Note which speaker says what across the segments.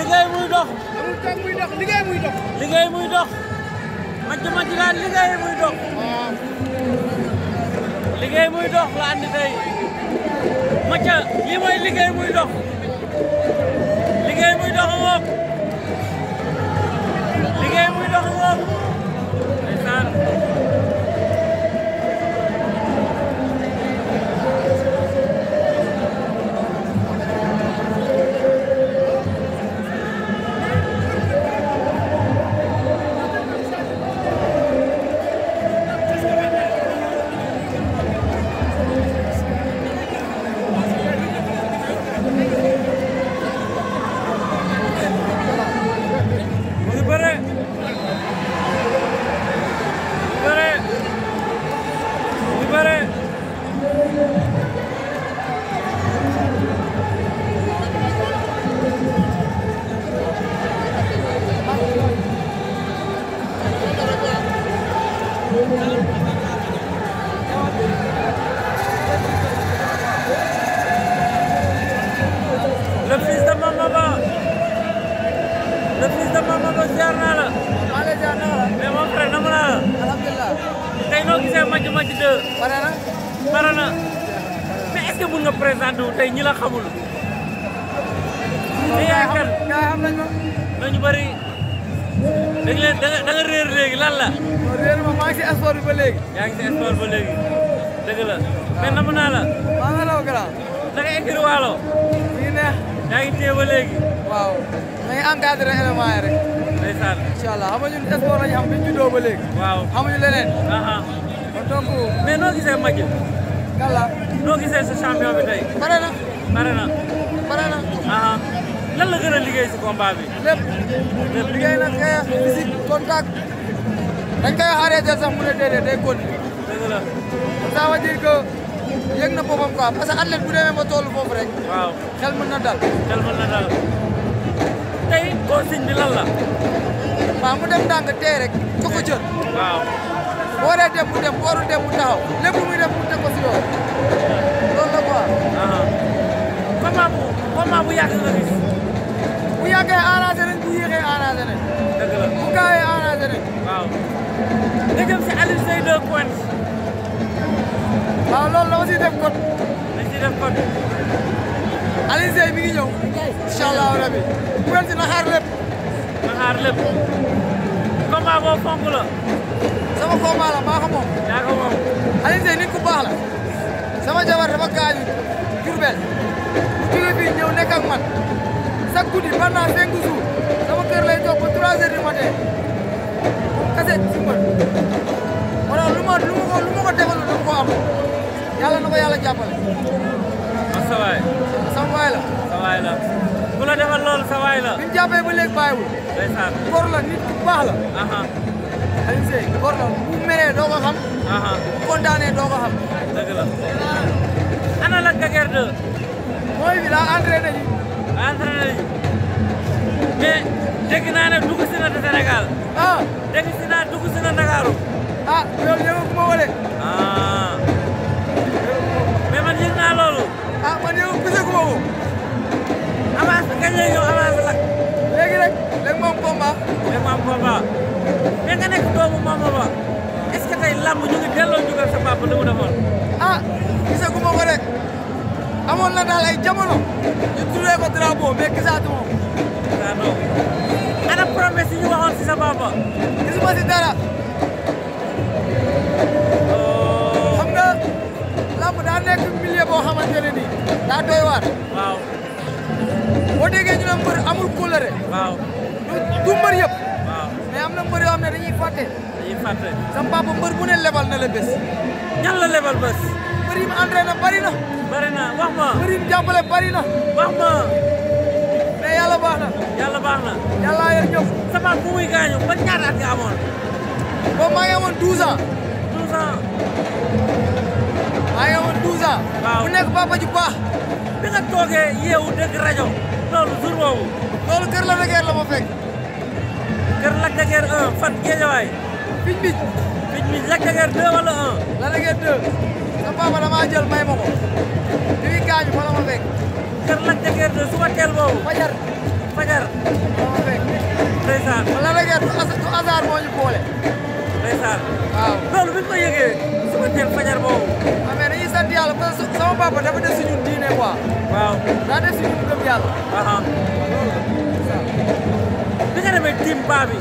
Speaker 1: liggéey muy dox. liggéey muy dox. liggéey muy dox. liggéey muy dox. liggéey muy dox la andi tey. màcc liggéey muy dox. liggéey muy dox moom. liggéey muy dox moom. le fils de Mama Ba ziar naa la. maa la ziar naa la. mais mon frère nama naa la. alhamdulilah. tey noo gisee Madji Madji 2. pare na. pare na mais est ce que mun nga présenté wu tey ñi la xamul. li yaakaar gaa xam nañ ma. nañu bëri da nga leen da nga réer léegi lan la. réer ma maa ngi si sport bi ba léegi. yaa ngi si sport ba léegi dëgg la. mais nama naa la. maa ngi la woo gannaaw. da nga écrire waalo. ñu neex. Nine léegi. waaw da ngay encadré élément yi rek. ndeysaan. incha allah xamuñu sport lañu xam bi ñu juddoo ba léegi. waaw xamuñu leneen. kon donc. mais noo gisee Maguette. kàlla. noo gisee sa champion bi tey. pare na. pare na. pare na. lan la gën a liggéey si combat bi. lépp lépp liggéey na xeex physique contact. dañ koy arrêté sax mu ne déedéet day continué. dëgg la. ça veut dire que. yëg na boppam quoi parce que athlète bu demee ba toolu foofu rek. waaw na dal. xel na dal tey consigne bi lan la. waaw mu dem ndànk tey rek ko cër. waaw dem mu dem boo dem mu taxaw lépp muy dem mu teg ko si yoon loolu la quoi. Ah. combat bu combat bu yàgg nga gis. bu yàggee arrangé nañ bu yéexee arrangé nañ. dëgg la bu gaawee arrangé nañ. waaw nga si Alioune Seye 2 points. waaw loolu la aussi def code. dañ ciy def rabi. bu si na xaar lépp. na xaar lépp. combat boobu fonk la. sama combat la maa ko moom. yaa ku baax sama jabar dafa gaañu Diourbel. bu jógee fii ñëw nekk man. chaque guddi pendant cinq jours. sama kër lay toog ba trois heures du matin. kase si man. wala lu ma lu ma ko am. yàlla na ko yàlla jàppale. sa waay. sa waay la. sa waay la ku la defal loolu sa nit ku baax la. Alioune bu meree doo ko ana la gàgër de. mooy bi daa entraîné ji. entraîné ji mais dégg léegi yow avancé nag. léegi nag nga nekk doomu moom ba est-ce que tey làmb ñu ngi delloo njukkal sa papa li mu defoon. ah amoon na daal ay jamono ñu tuddee ko drapeau mais gisaatu ma ko. ah non ana promesse yi ñu waxoon si sa papa. Oh. boo xamante ne daa doy déggee ñu ne mbër amul kóllëre. waaw du mbër yëpp. waaw mais am na mbër yoo xam ne dañuy fàtte. dañuy fàtte sa papa mbër bu ne lebal na la bés. ñan la lebal bés. mbër yi mu entraîné bari na. bari na wax ma. mbër yi mu jàppale bari na. wax ma. mais yàlla baax na. yàlla baax na. yàlla yor ñëpp. sa papa bu muy gaañu ba ñaata at nga amoon. boobu maa ngi amoon 12 ans. 12 ans. maa ngi amoon 12 ans. waaw bu nekk papa ju baax. bi nga toogee yeewu dégg rajo. loolu jour boobu. loolu kër la la ma fekk. kër Lac de Guiers 1 fan Guédiawaye. picc picc. picc picc Lac de Guiers 2 wala 1. Lac jël may ma ko. bi muy gaañu fa la kër Lac de Guiers suba teel boobu. fajar fajar. la ma fekk. ndeysaan. Lac de Guiers du hasard moo ñu boole. ndeysaan. waaw loolu suba teel fajar boobu. waaw mais dañuy sant yàlla parce que sama papa dafa si ñun quoi. waaw daa def si ñu gëm yàlla. bi nga demee tiim paa bi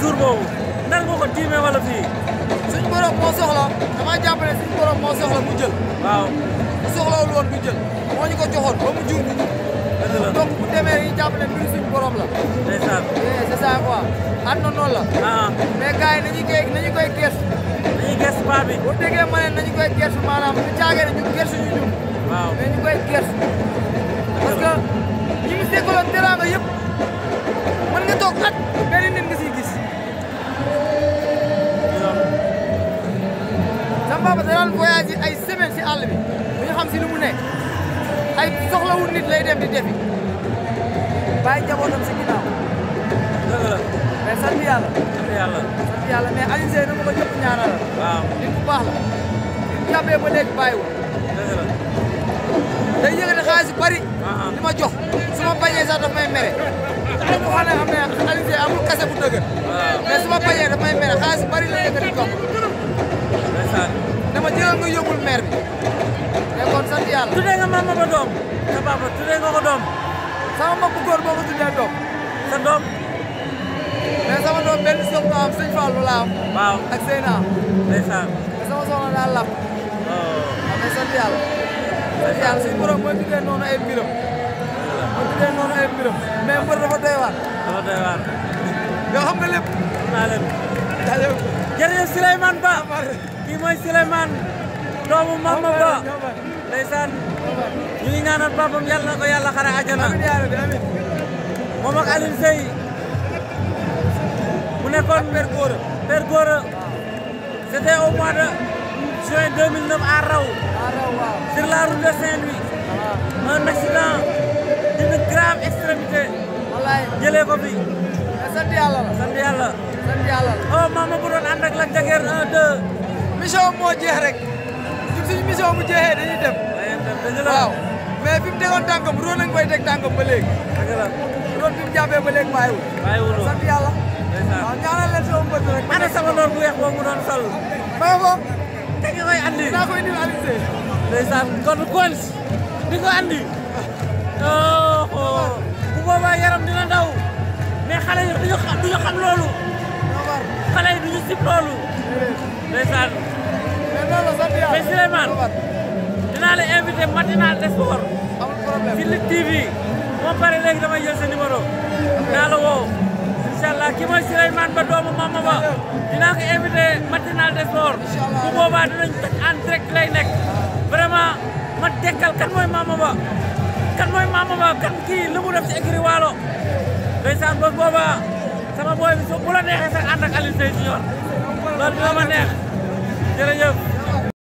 Speaker 1: jour boobu nan nga ko tiimee wala fii. suñ borom moo soxla dama jàpp ne suñ moo soxla mu jël. waaw mu soxlawul woon du jël moo ñu ko joxoon ba mu juum donc bu demee yi jàpp ne mbir suñ la. ndeysaan. Eh, c'est ça quoi àdduna la. mais gars nañu koy nañu koy gëstu. nañu gëstu paa bi. bu déggee nañu koy gëstu maanaam bu caagee ne ñu gëstu ñu ñun. waaw mais ñu koy gerte. parce que ñi mu seqaloon teraanga yëpp mën nga toog at benn nit nga siy gis. sama papa da ay semaine si àll bi bu ñu xam si lu mu nekk ay soxlawu nit lay dem di defi bàyyi njabootam si ginnaaw. dëgg la mais sant yàlla. sant yàlla sant yàlla mais Alioune Seye dama ko ñëpp ñaanal. waaw nit ku baax day yëngate xaalis bari li ah, ah. ma jox su ma bañee sax daf may mere ne xam ne Alioune Seye amul kase bu dëgër ah. mais su ma bañee daf may mere xaalis bari la yëngati jox dama jëlal nga yóbbul maire bi mais kon sant yàlla tuddee nga mama ba sa doom sama mbokk góor doom sa doom mais sama am sëñ Fallou la am waaw ak Seyna ndeysaan daal lapp sant yàlla sant yàlla suñu borom doomu Mama Ba ndeysaan ñu ngi ñaanal papam yàlla na ko yàlla xare àjjana moom ak mu nekkoon Père Gora Père Gora c'était au mois juin 2009 Arau. Arau Sur la route de Saint-Louis. Ah. un accident d'une grave extrémité. wallaay jëlee ko fi. Eh, sant yàlla sant oh mama bu doon ànd la Misal 1 2. mission misal mau rek. ñun suñu mission dañuy dem. waaw. mais fi mu tegoon tànkam roon koy teg tànkam ba léegi. dëgg la roon ba léegi bàyyiwul. sama rek. ana sama nga koy andi. naa koy indil Alioune Seye. ndeysaan kon kon di ko andi. oh oh bu boobaa yaram dina daw mais xale yi duñu xam duñu xam loolu. xale yi duñu sib loolu. ndeysaan. mais Souleymane dinaa la invité matinal des sports. amul problème ci Lutte TV. moo pare léegi damay jël sa numéro. naa la woo. incha allah ki mooy Souleymane Ba doomu Mama Ba dinaa ko invité matinal des sports bu boobaa dinañ toj en direct lay nekk vraiment ma dekkal kan mooy Mama Ba kan mooy Mama Ba kan kii li mu def ci écurie Waalo ndeysaan ba boobaa sama booy bi bu la neexee sax ànd ak Alioune Seye Junior loolu dina ma neex jërëjëf